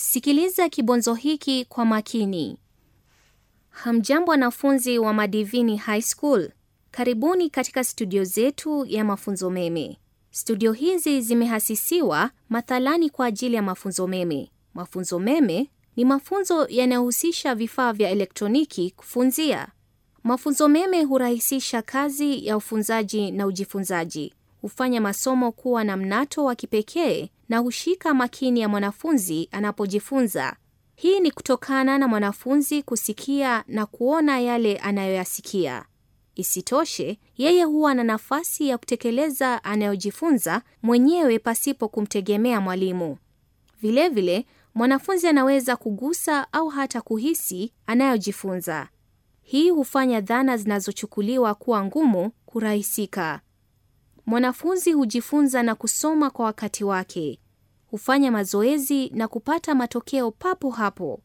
Sikiliza kibonzo hiki kwa makini. Hamjambo wanafunzi wa Madivini High School. Karibuni katika studio zetu ya mafunzo meme. Studio hizi zimehasisiwa mathalani kwa ajili ya mafunzo meme. Mafunzo meme ni mafunzo yanayohusisha vifaa vya elektroniki kufunzia. Mafunzo meme hurahisisha kazi ya ufunzaji na ujifunzaji hufanya masomo kuwa na mnato wa kipekee na hushika makini ya mwanafunzi anapojifunza. Hii ni kutokana na mwanafunzi kusikia na kuona yale anayoyasikia. Isitoshe, yeye huwa na nafasi ya kutekeleza anayojifunza mwenyewe pasipo kumtegemea mwalimu. Vilevile mwanafunzi anaweza kugusa au hata kuhisi anayojifunza. Hii hufanya dhana zinazochukuliwa kuwa ngumu kurahisika. Mwanafunzi hujifunza na kusoma kwa wakati wake, hufanya mazoezi na kupata matokeo papo hapo.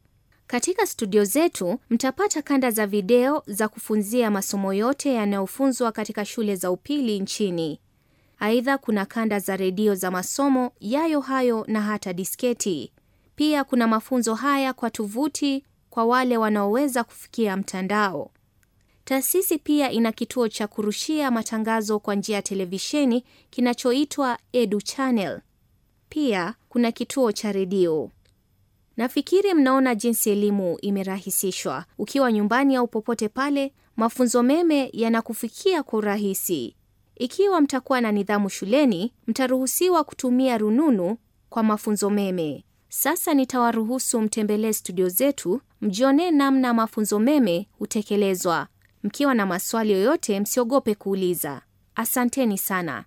Katika studio zetu mtapata kanda za video za kufunzia masomo yote yanayofunzwa katika shule za upili nchini. Aidha, kuna kanda za redio za masomo yayo hayo na hata disketi. Pia kuna mafunzo haya kwa tuvuti kwa wale wanaoweza kufikia mtandao. Taasisi pia ina kituo cha kurushia matangazo kwa njia ya televisheni kinachoitwa Edu Channel. Pia kuna kituo cha redio. Nafikiri mnaona jinsi elimu imerahisishwa. Ukiwa nyumbani au popote pale, mafunzo meme yanakufikia kwa urahisi. Ikiwa mtakuwa na nidhamu shuleni, mtaruhusiwa kutumia rununu kwa mafunzo meme. Sasa nitawaruhusu mtembelee studio zetu, mjionee namna mafunzo meme hutekelezwa. Mkiwa na maswali yoyote, msiogope kuuliza. Asanteni sana.